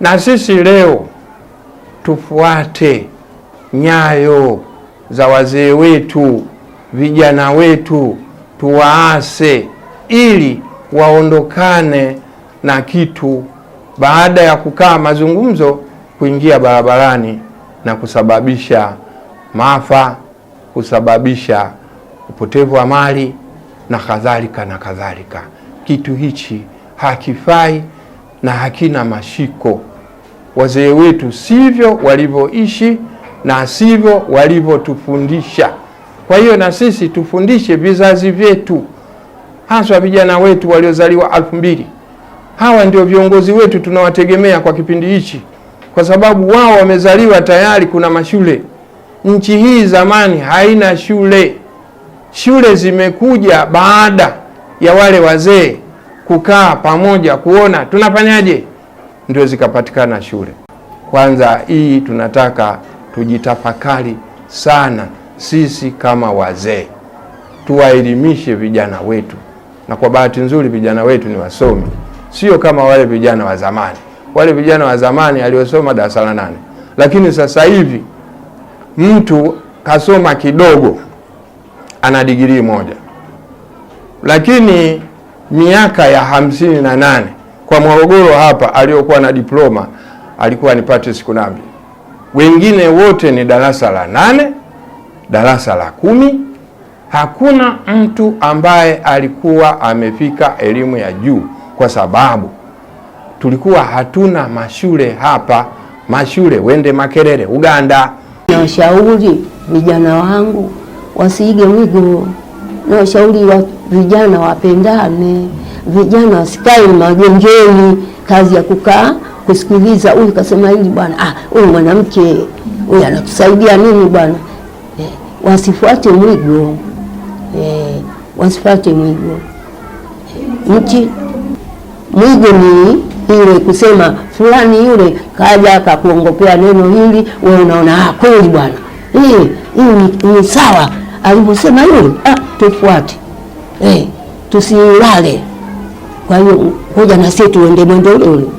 Na sisi leo tufuate nyayo za wazee wetu, vijana wetu, tuwaase ili waondokane na kitu baada ya kukaa mazungumzo kuingia barabarani na kusababisha maafa, kusababisha upotevu wa mali na kadhalika na kadhalika. Kitu hichi hakifai na hakina mashiko. Wazee wetu sivyo walivyoishi na sivyo walivyotufundisha. Kwa hiyo na sisi tufundishe vizazi vyetu, haswa vijana wetu waliozaliwa alfu mbili. Hawa ndio viongozi wetu tunawategemea kwa kipindi hichi, kwa sababu wao wamezaliwa tayari kuna mashule. Nchi hii zamani haina shule. Shule zimekuja baada ya wale wazee kukaa pamoja kuona tunafanyaje ndio zikapatikana shule. Kwanza hii tunataka tujitafakari sana sisi kama wazee, tuwaelimishe vijana wetu, na kwa bahati nzuri vijana wetu ni wasomi, sio kama wale vijana wa zamani. Wale vijana wa zamani aliosoma darasa la nane, lakini sasa hivi mtu kasoma kidogo ana digirii moja, lakini miaka ya hamsini na nane kwa Morogoro hapa aliyokuwa na diploma alikuwa ni Patrice Kunambi. Wengine wote ni darasa la nane, darasa la kumi. Hakuna mtu ambaye alikuwa amefika elimu ya juu, kwa sababu tulikuwa hatuna mashule hapa. Mashule wende Makerere, Uganda. Nawashauri vijana wangu wasiige wigo, nawashauri watu vijana wapendane, vijana wasikae magengeni, kazi ya kukaa kusikiliza huyu kasema hili bwana, ah, huyu mwanamke huyu anatusaidia nini bwana eh, wasifuate mwigo eh, wasifuate mwigo eh, nchi mwigo ni ile kusema fulani yule kaja akakuongopea neno hili, wewe unaona ah, kweli bwana eh, hii ni sawa alivyosema yule, ah, tufuate eh, tusiulale. Kwa hiyo hoja na sisi tuende mwendo ule ule.